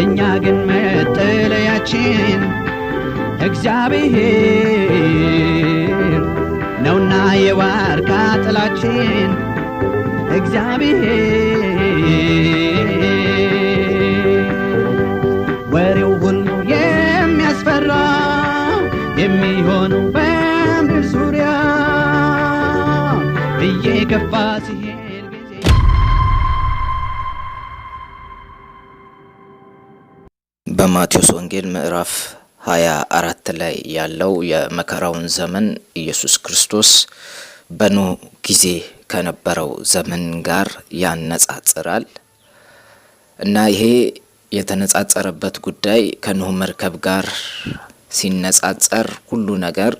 እኛ ግን መጠለያችን እግዚአብሔር ነውና የዋርካ ጥላችን እግዚአብሔር ወሬው ሁሉ የሚያስፈራ የሚሆነው በምድር ዙሪያ እየገፋ ሲሄ በማቴዎስ ወንጌል ምዕራፍ ሀያ አራት ላይ ያለው የመከራውን ዘመን ኢየሱስ ክርስቶስ በኖህ ጊዜ ከነበረው ዘመን ጋር ያነጻጽራል እና ይሄ የተነጻጸረበት ጉዳይ ከኖህ መርከብ ጋር ሲነጻጸር ሁሉ ነገር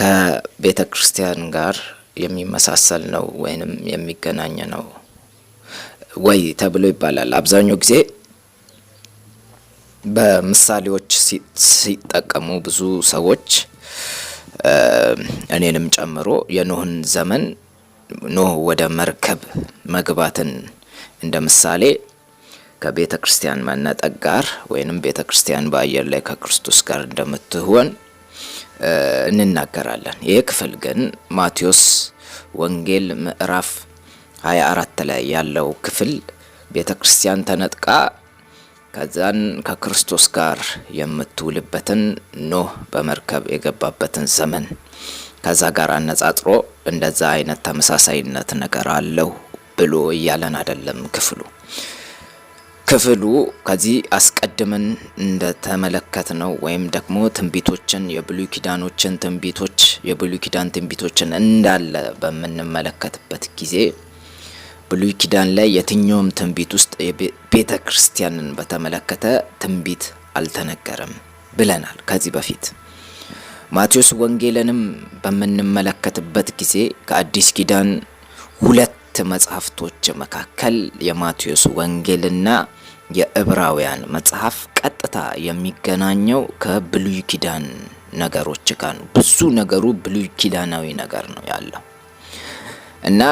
ከቤተ ክርስቲያን ጋር የሚመሳሰል ነው ወይንም የሚገናኝ ነው ወይ ተብሎ ይባላል አብዛኛው ጊዜ በምሳሌዎች ሲጠቀሙ ብዙ ሰዎች እኔንም ጨምሮ የኖህን ዘመን ኖህ ወደ መርከብ መግባትን እንደ ምሳሌ ከቤተ ክርስቲያን መነጠቅ ጋር ወይንም ቤተ ክርስቲያን በአየር ላይ ከክርስቶስ ጋር እንደምትሆን እንናገራለን። ይህ ክፍል ግን ማቴዎስ ወንጌል ምዕራፍ 24 ላይ ያለው ክፍል ቤተ ክርስቲያን ተነጥቃ ከዛን ከክርስቶስ ጋር የምትውልበትን ኖህ በመርከብ የገባበትን ዘመን ከዛ ጋር አነጻጽሮ እንደዛ አይነት ተመሳሳይነት ነገር አለው ብሎ እያለን አይደለም ክፍሉ ክፍሉ ከዚህ አስቀድመን እንደተመለከት ነው ወይም ደግሞ ትንቢቶችን የብሉይ ኪዳኖችን ትንቢቶች የብሉይ ኪዳን ትንቢቶችን እንዳለ በምንመለከትበት ጊዜ ብሉይ ኪዳን ላይ የትኛውም ትንቢት ውስጥ ቤተ ክርስቲያንን በተመለከተ ትንቢት አልተነገረም ብለናል ከዚህ በፊት። ማቴዎስ ወንጌልንም በምንመለከትበት ጊዜ ከአዲስ ኪዳን ሁለት መጽሐፍቶች መካከል የማቴዎስ ወንጌልና የዕብራውያን መጽሐፍ ቀጥታ የሚገናኘው ከብሉይ ኪዳን ነገሮች ጋር ነው። ብዙ ነገሩ ብሉይ ኪዳናዊ ነገር ነው ያለው እና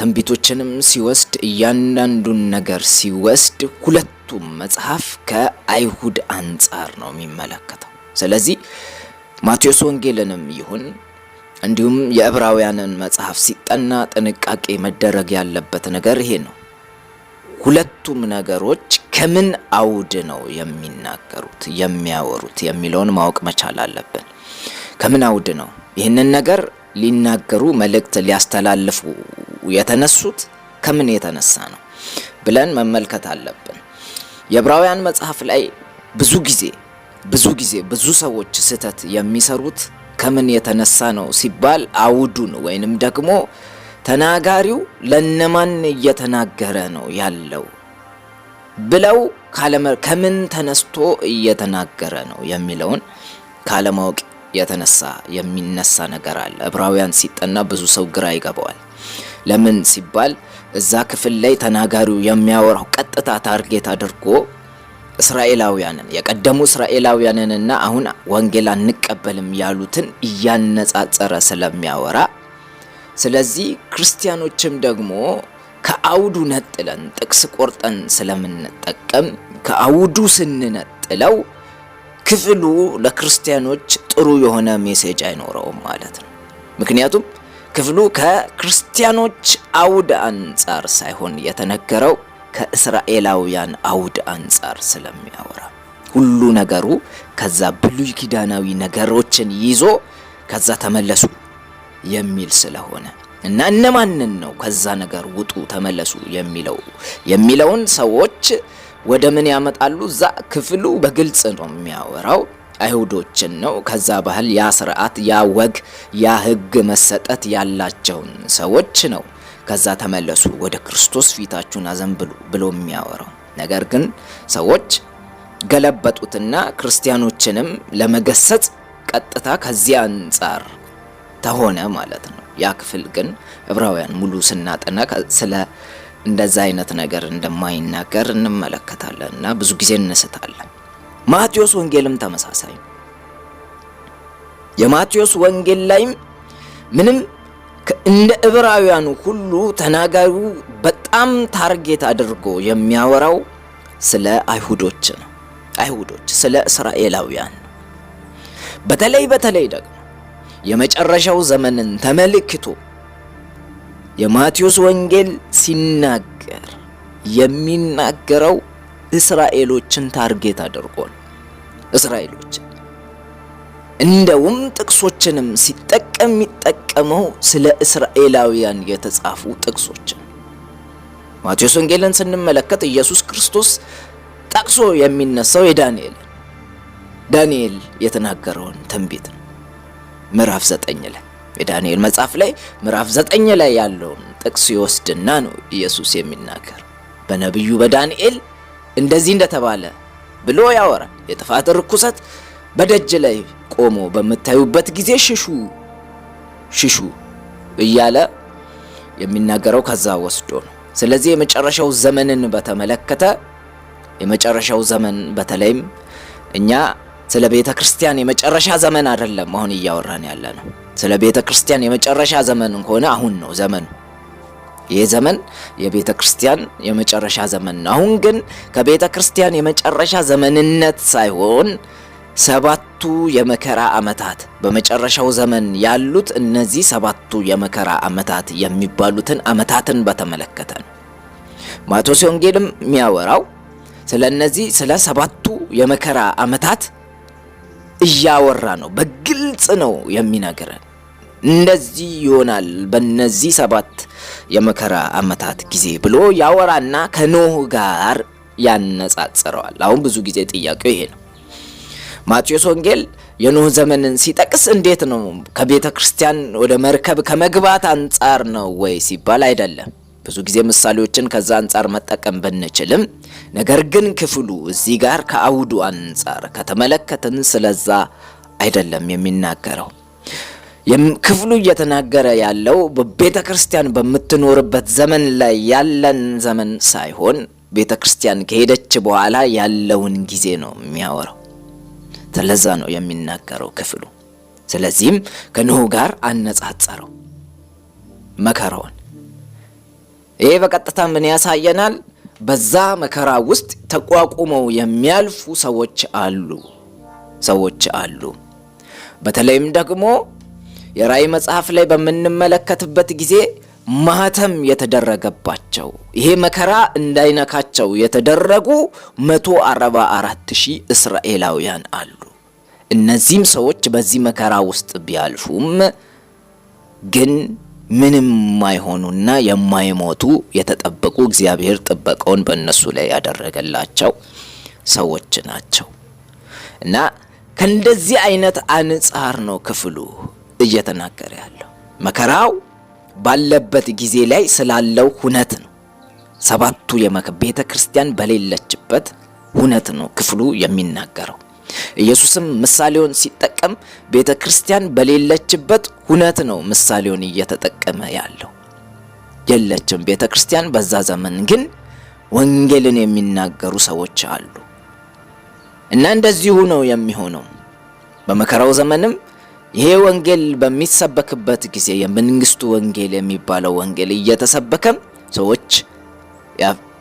ትንቢቶችንም ሲወስድ እያንዳንዱን ነገር ሲወስድ ሁለቱም መጽሐፍ ከአይሁድ አንጻር ነው የሚመለከተው። ስለዚህ ማቴዎስ ወንጌልንም ይሁን እንዲሁም የዕብራውያንን መጽሐፍ ሲጠና ጥንቃቄ መደረግ ያለበት ነገር ይሄ ነው። ሁለቱም ነገሮች ከምን አውድ ነው የሚናገሩት የሚያወሩት የሚለውን ማወቅ መቻል አለብን። ከምን አውድ ነው ይህንን ነገር ሊናገሩ መልእክት ሊያስተላልፉ የተነሱት ከምን የተነሳ ነው ብለን መመልከት አለብን። የዕብራውያን መጽሐፍ ላይ ብዙ ጊዜ ብዙ ጊዜ ብዙ ሰዎች ስህተት የሚሰሩት ከምን የተነሳ ነው ሲባል አውዱን ወይንም ደግሞ ተናጋሪው ለነማን እየተናገረ ነው ያለው ብለው ከምን ተነስቶ እየተናገረ ነው የሚለውን ካለማወቅ የተነሳ የሚነሳ ነገር አለ። ዕብራውያን ሲጠና ብዙ ሰው ግራ ይገባዋል። ለምን ሲባል እዛ ክፍል ላይ ተናጋሪው የሚያወራው ቀጥታ ታርጌት አድርጎ እስራኤላውያንን የቀደሙ እስራኤላውያንንና አሁን ወንጌል አንቀበልም ያሉትን እያነጻጸረ ስለሚያወራ ስለዚህ ክርስቲያኖችም ደግሞ ከአውዱ ነጥለን ጥቅስ ቆርጠን ስለምንጠቀም ከአውዱ ስንነጥለው ክፍሉ ለክርስቲያኖች ጥሩ የሆነ ሜሴጅ አይኖረውም ማለት ነው። ምክንያቱም ክፍሉ ከክርስቲያኖች አውድ አንጻር ሳይሆን የተነገረው ከእስራኤላውያን አውድ አንጻር ስለሚያወራ ሁሉ ነገሩ ከዛ ብሉይ ኪዳናዊ ነገሮችን ይዞ ከዛ ተመለሱ የሚል ስለሆነ እና እነማንን ነው ከዛ ነገር ውጡ ተመለሱ የሚለው የሚለውን ሰዎች ወደ ምን ያመጣሉ? እዛ ክፍሉ በግልጽ ነው የሚያወራው አይሁዶችን ነው። ከዛ ባህል ያ ስርዓት፣ ያ ወግ፣ ያ ህግ መሰጠት ያላቸውን ሰዎች ነው። ከዛ ተመለሱ፣ ወደ ክርስቶስ ፊታችሁን አዘንብሉ ብሎ የሚያወራው ነገር ግን ሰዎች ገለበጡትና ክርስቲያኖችንም ለመገሰጽ ቀጥታ ከዚያ አንጻር ተሆነ ማለት ነው። ያ ክፍል ግን ዕብራውያን ሙሉ ስናጠና ስለ እንደዛ አይነት ነገር እንደማይናገር እንመለከታለን እና ብዙ ጊዜ እንስታለን። ማቴዎስ ወንጌልም ተመሳሳይ የማቴዎስ ወንጌል ላይም ምንም እንደ ዕብራውያኑ ሁሉ ተናጋሪው በጣም ታርጌት አድርጎ የሚያወራው ስለ አይሁዶች ነው። አይሁዶች ስለ እስራኤላውያን ነው። በተለይ በተለይ ደግሞ የመጨረሻው ዘመንን ተመልክቶ የማቴዎስ ወንጌል ሲናገር የሚናገረው እስራኤሎችን ታርጌት አድርጓል። እስራኤሎችን እንደውም ጥቅሶችንም ሲጠቀም የሚጠቀመው ስለ እስራኤላውያን የተጻፉ ጥቅሶችን ማቴዎስ ወንጌልን ስንመለከት ኢየሱስ ክርስቶስ ጠቅሶ የሚነሳው የዳንኤል ዳንኤል የተናገረውን ትንቢት ነው ምዕራፍ ዘጠኝ ላይ የዳንኤል መጽሐፍ ላይ ምዕራፍ ዘጠኝ ላይ ያለውን ጥቅስ ይወስድና ነው ኢየሱስ የሚናገር በነቢዩ በዳንኤል እንደዚህ እንደተባለ ብሎ ያወራል። የጥፋት ርኩሰት በደጅ ላይ ቆሞ በምታዩበት ጊዜ ሽሹ ሽሹ እያለ የሚናገረው ከዛ ወስዶ ነው። ስለዚህ የመጨረሻው ዘመንን በተመለከተ የመጨረሻው ዘመን በተለይም እኛ ስለ ቤተ ክርስቲያን የመጨረሻ ዘመን አይደለም አሁን እያወራን ያለ ነው። ስለ ቤተ ክርስቲያን የመጨረሻ ዘመን ከሆነ አሁን ነው ዘመኑ። ይህ ዘመን የቤተ ክርስቲያን የመጨረሻ ዘመን ነው። አሁን ግን ከቤተ ክርስቲያን የመጨረሻ ዘመንነት ሳይሆን ሰባቱ የመከራ ዓመታት በመጨረሻው ዘመን ያሉት እነዚህ ሰባቱ የመከራ ዓመታት የሚባሉትን ዓመታትን በተመለከተ ነው። ማቴዎስ ወንጌልም የሚያወራው ስለ እነዚህ ስለ ሰባቱ የመከራ ዓመታት እያወራ ነው። በግልጽ ነው የሚነግረን። እንደዚህ ይሆናል በነዚህ ሰባት የመከራ አመታት ጊዜ ብሎ ያወራና ከኖህ ጋር ያነጻጽረዋል። አሁን ብዙ ጊዜ ጥያቄው ይሄ ነው። ማቴዎስ ወንጌል የኖህ ዘመንን ሲጠቅስ እንዴት ነው? ከቤተ ክርስቲያን ወደ መርከብ ከመግባት አንጻር ነው ወይ ሲባል አይደለም። ብዙ ጊዜ ምሳሌዎችን ከዛ አንጻር መጠቀም ብንችልም፣ ነገር ግን ክፍሉ እዚህ ጋር ከአውዱ አንጻር ከተመለከትን ስለዛ አይደለም የሚናገረው። ክፍሉ እየተናገረ ያለው በቤተ ክርስቲያን በምትኖርበት ዘመን ላይ ያለን ዘመን ሳይሆን ቤተ ክርስቲያን ከሄደች በኋላ ያለውን ጊዜ ነው የሚያወራው። ስለዛ ነው የሚናገረው ክፍሉ። ስለዚህም ከኖህ ጋር አነጻጸረው መከራውን። ይህ በቀጥታ ምን ያሳየናል? በዛ መከራ ውስጥ ተቋቁመው የሚያልፉ ሰዎች አሉ ሰዎች አሉ። በተለይም ደግሞ የራእይ መጽሐፍ ላይ በምንመለከትበት ጊዜ ማህተም የተደረገባቸው ይሄ መከራ እንዳይነካቸው የተደረጉ 144 አርባ ሺህ እስራኤላውያን አሉ። እነዚህም ሰዎች በዚህ መከራ ውስጥ ቢያልፉም ግን ምንም የማይሆኑና የማይሞቱ የተጠበቁ እግዚአብሔር ጥበቃውን በእነሱ ላይ ያደረገላቸው ሰዎች ናቸው እና ከእንደዚህ አይነት አንጻር ነው ክፍሉ እየተናገረ ያለው መከራው ባለበት ጊዜ ላይ ስላለው ሁነት ነው። ሰባቱ ቤተ ክርስቲያን በሌለችበት ሁነት ነው ክፍሉ የሚናገረው። ኢየሱስም ምሳሌውን ሲጠቀም ቤተ ክርስቲያን በሌለችበት ሁነት ነው ምሳሌውን እየተጠቀመ ያለው። የለችም ቤተ ክርስቲያን። በዛ ዘመን ግን ወንጌልን የሚናገሩ ሰዎች አሉ እና እንደዚሁ ነው የሚሆነው በመከራው ዘመንም ይሄ ወንጌል በሚሰበክበት ጊዜ የመንግስቱ ወንጌል የሚባለው ወንጌል እየተሰበከም ሰዎች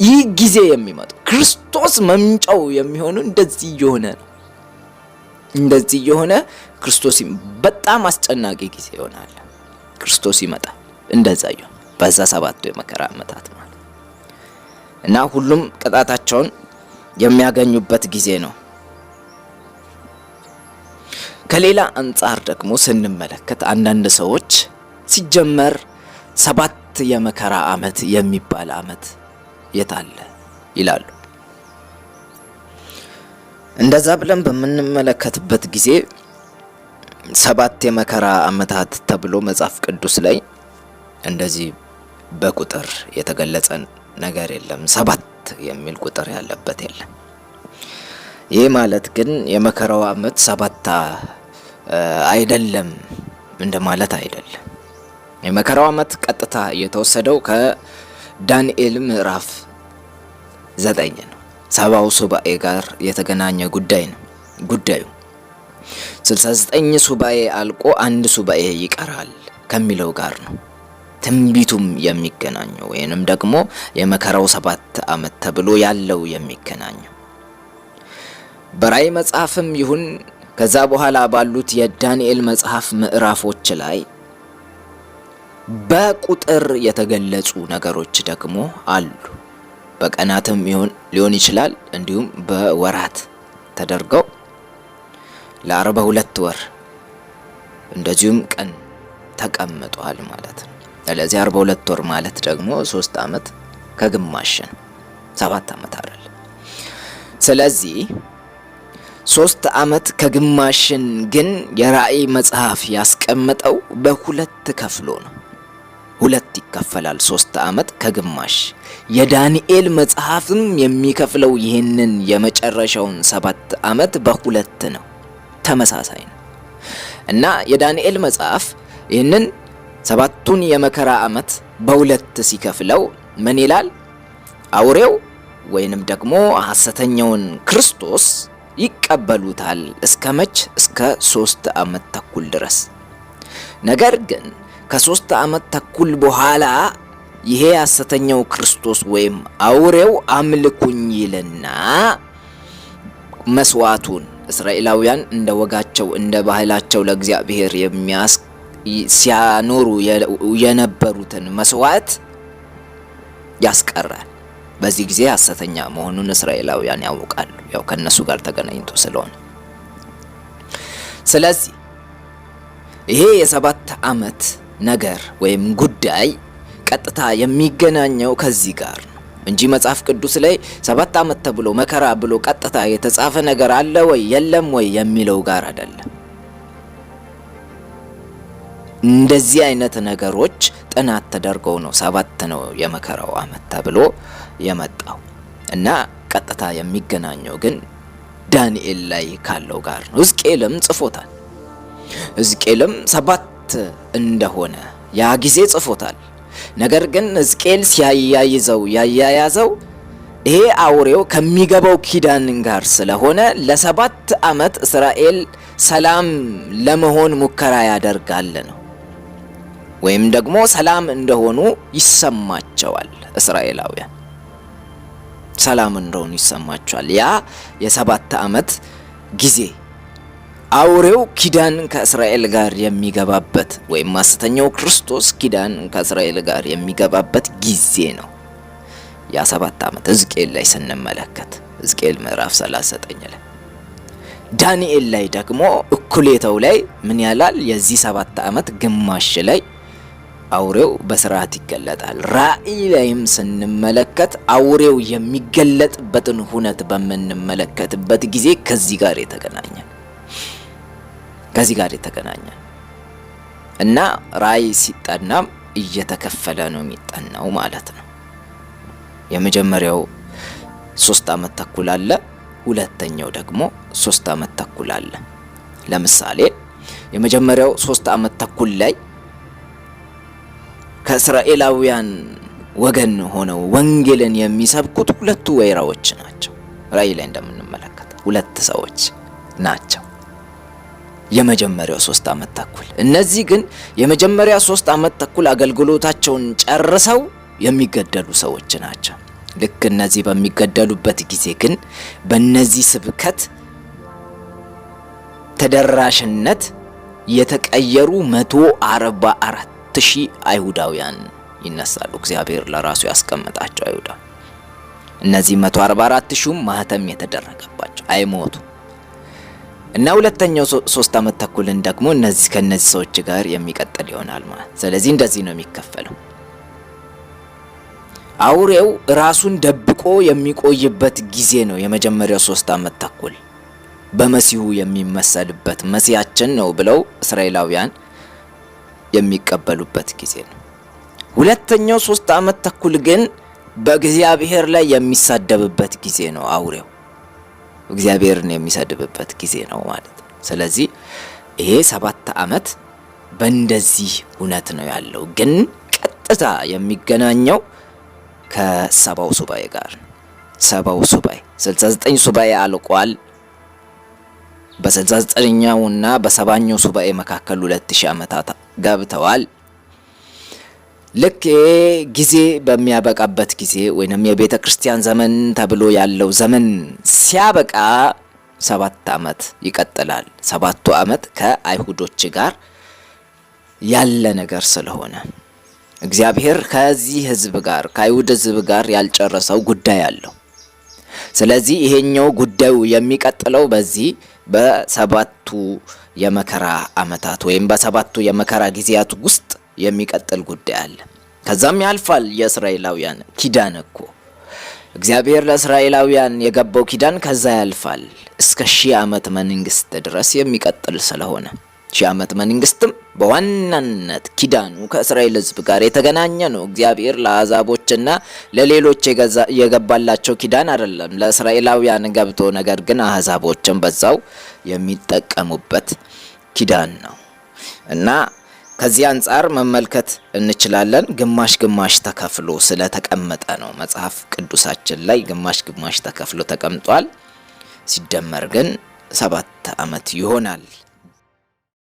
ይህ ጊዜ የሚመጡ ክርስቶስ መምጫው የሚሆኑ እንደዚህ እየሆነ ነው። እንደዚህ እየሆነ ክርስቶስ በጣም አስጨናቂ ጊዜ ይሆናል። ክርስቶስ ይመጣል። እንደዛ ይሆን በዛ ሰባቱ የመከራ ዓመታት ማለት እና ሁሉም ቅጣታቸውን የሚያገኙበት ጊዜ ነው። ከሌላ አንጻር ደግሞ ስንመለከት አንዳንድ ሰዎች ሲጀመር ሰባት የመከራ ዓመት የሚባል ዓመት የት አለ ይላሉ። እንደዛ ብለን በምንመለከትበት ጊዜ ሰባት የመከራ ዓመታት ተብሎ መጽሐፍ ቅዱስ ላይ እንደዚህ በቁጥር የተገለጸ ነገር የለም። ሰባት የሚል ቁጥር ያለበት የለም። ይህ ማለት ግን የመከራው ዓመት ሰባት አይደለም እንደማለት አይደለም። የመከራው ዓመት ቀጥታ የተወሰደው ከዳንኤል ምዕራፍ ዘጠኝ ነው። ሰባው ሱባኤ ጋር የተገናኘ ጉዳይ ነው። ጉዳዩ 69 ሱባኤ አልቆ አንድ ሱባኤ ይቀራል ከሚለው ጋር ነው። ትንቢቱም የሚገናኘው ወይንም ደግሞ የመከራው ሰባት ዓመት ተብሎ ያለው የሚገናኘው በራእይ መጽሐፍም ይሁን ከዛ በኋላ ባሉት የዳንኤል መጽሐፍ ምዕራፎች ላይ በቁጥር የተገለጹ ነገሮች ደግሞ አሉ። በቀናትም ሊሆን ይችላል፣ እንዲሁም በወራት ተደርገው ለአርባ ሁለት ወር እንደዚሁም ቀን ተቀምጧል ማለት ነው። ስለዚህ አርባ ሁለት ወር ማለት ደግሞ ሶስት አመት ከግማሽ ነው፣ ሰባት አመት አይደል። ስለዚህ ሶስት ዓመት ከግማሽን ግን የራእይ መጽሐፍ ያስቀመጠው በሁለት ከፍሎ ነው። ሁለት ይከፈላል። ሶስት ዓመት ከግማሽ የዳንኤል መጽሐፍም የሚከፍለው ይህንን የመጨረሻውን ሰባት ዓመት በሁለት ነው። ተመሳሳይ ነው እና የዳንኤል መጽሐፍ ይህንን ሰባቱን የመከራ ዓመት በሁለት ሲከፍለው ምን ይላል? አውሬው ወይንም ደግሞ ሐሰተኛውን ክርስቶስ ይቀበሉታል። እስከ መች? እስከ ሶስት ዓመት ተኩል ድረስ። ነገር ግን ከሶስት ዓመት ተኩል በኋላ ይሄ ሐሰተኛው ክርስቶስ ወይም አውሬው አምልኩኝ ይልና መስዋዕቱን እስራኤላውያን እንደ ወጋቸው እንደ ባህላቸው ለእግዚአብሔር የሚያስ ሲያኖሩ የነበሩትን መስዋዕት ያስቀራል። በዚህ ጊዜ ሐሰተኛ መሆኑን እስራኤላውያን ያውቃሉ፣ ያው ከነሱ ጋር ተገናኝቶ ስለሆነ። ስለዚህ ይሄ የሰባት ዓመት ነገር ወይም ጉዳይ ቀጥታ የሚገናኘው ከዚህ ጋር ነው እንጂ መጽሐፍ ቅዱስ ላይ ሰባት ዓመት ተብሎ መከራ ብሎ ቀጥታ የተጻፈ ነገር አለ ወይ የለም ወይ የሚለው ጋር አይደለም። እንደዚህ አይነት ነገሮች ቀናት ተደርጎ ነው ሰባት ነው የመከራው አመት ተብሎ የመጣው እና ቀጥታ የሚገናኘው ግን ዳንኤል ላይ ካለው ጋር ነው። ሕዝቅኤልም ጽፎታል። ሕዝቅኤልም ሰባት እንደሆነ ያ ጊዜ ጽፎታል። ነገር ግን ሕዝቅኤል ሲያያይዘው ያያያዘው ይሄ አውሬው ከሚገባው ኪዳን ጋር ስለሆነ ለሰባት አመት እስራኤል ሰላም ለመሆን ሙከራ ያደርጋል ነው ወይም ደግሞ ሰላም እንደሆኑ ይሰማቸዋል። እስራኤላውያን ሰላም እንደሆኑ ይሰማቸዋል። ያ የሰባት ዓመት ጊዜ አውሬው ኪዳን ከእስራኤል ጋር የሚገባበት ወይም ሐሰተኛው ክርስቶስ ኪዳን ከእስራኤል ጋር የሚገባበት ጊዜ ነው። ያ ሰባት ዓመት ሕዝቅኤል ላይ ስንመለከት ሕዝቅኤል ምዕራፍ 39 ላይ ዳንኤል ላይ ደግሞ እኩሌታው ላይ ምን ያላል? የዚህ ሰባት ዓመት ግማሽ ላይ አውሬው በስርዓት ይገለጣል። ራእይ ላይም ስንመለከት አውሬው የሚገለጥበትን ሁነት በምንመለከትበት ጊዜ ከዚህ ጋር የተገናኘ ከዚህ ጋር የተገናኘ እና ራእይ ሲጠናም እየተከፈለ ነው የሚጠናው ማለት ነው። የመጀመሪያው ሶስት አመት ተኩል አለ። ሁለተኛው ደግሞ ሶስት አመት ተኩል አለ። ለምሳሌ የመጀመሪያው ሶስት አመት ተኩል ላይ ከእስራኤላውያን ወገን ሆነው ወንጌልን የሚሰብኩት ሁለቱ ወይራዎች ናቸው። ራእይ ላይ እንደምንመለከተው ሁለት ሰዎች ናቸው። የመጀመሪያው ሶስት ዓመት ተኩል እነዚህ ግን የመጀመሪያ ሶስት ዓመት ተኩል አገልግሎታቸውን ጨርሰው የሚገደሉ ሰዎች ናቸው። ልክ እነዚህ በሚገደሉበት ጊዜ ግን በእነዚህ ስብከት ተደራሽነት የተቀየሩ መቶ አርባ አራት ሁለት ሺህ አይሁዳውያን ይነሳሉ። እግዚአብሔር ለራሱ ያስቀመጣቸው አይሁዳ እነዚህ 144 ሺሁም ማህተም የተደረገባቸው አይሞቱ እና ሁለተኛው ሶስት አመት ተኩልን ደግሞ እነዚህ ከነዚህ ሰዎች ጋር የሚቀጥል ይሆናል ማለት። ስለዚህ እንደዚህ ነው የሚከፈለው። አውሬው ራሱን ደብቆ የሚቆይበት ጊዜ ነው የመጀመሪያው ሶስት አመት ተኩል በመሲሁ የሚመሰልበት መሲያችን ነው ብለው እስራኤላውያን የሚቀበሉበት ጊዜ ነው። ሁለተኛው ሶስት ዓመት ተኩል ግን በእግዚአብሔር ላይ የሚሳደብበት ጊዜ ነው። አውሬው እግዚአብሔርን የሚሰድብበት ጊዜ ነው ማለት ነው። ስለዚህ ይሄ ሰባት ዓመት በእንደዚህ እውነት ነው ያለው። ግን ቀጥታ የሚገናኘው ከሰባው ሱባኤ ጋር ነው። ሰባው ሱባኤ 69 ሱባኤ አልቋል። በ69ኛውና በሰባኛው ሱባኤ መካከል 2000 ዓመታት ገብተዋል። ልክ ይሄ ጊዜ በሚያበቃበት ጊዜ ወይም የቤተ ክርስቲያን ዘመን ተብሎ ያለው ዘመን ሲያበቃ ሰባት ዓመት ይቀጥላል። ሰባቱ ዓመት ከአይሁዶች ጋር ያለ ነገር ስለሆነ እግዚአብሔር ከዚህ ሕዝብ ጋር ከአይሁድ ሕዝብ ጋር ያልጨረሰው ጉዳይ አለው። ስለዚህ ይሄኛው ጉዳዩ የሚቀጥለው በዚህ በሰባቱ የመከራ አመታት ወይም በሰባቱ የመከራ ጊዜያት ውስጥ የሚቀጥል ጉዳይ አለ። ከዛም ያልፋል የእስራኤላውያን ኪዳን እኮ እግዚአብሔር ለእስራኤላውያን የገባው ኪዳን ከዛ ያልፋል እስከ ሺህ ዓመት መንግስት ድረስ የሚቀጥል ስለሆነ ሺህ ዓመት መንግስትም በዋናነት ኪዳኑ ከእስራኤል ሕዝብ ጋር የተገናኘ ነው። እግዚአብሔር ለአሕዛቦችና ለሌሎች የገባላቸው ኪዳን አይደለም፣ ለእስራኤላውያን ገብቶ፣ ነገር ግን አሕዛቦችን በዛው የሚጠቀሙበት ኪዳን ነው እና ከዚህ አንጻር መመልከት እንችላለን። ግማሽ ግማሽ ተከፍሎ ስለተቀመጠ ነው መጽሐፍ ቅዱሳችን ላይ ግማሽ ግማሽ ተከፍሎ ተቀምጧል። ሲደመር ግን ሰባት ዓመት ይሆናል።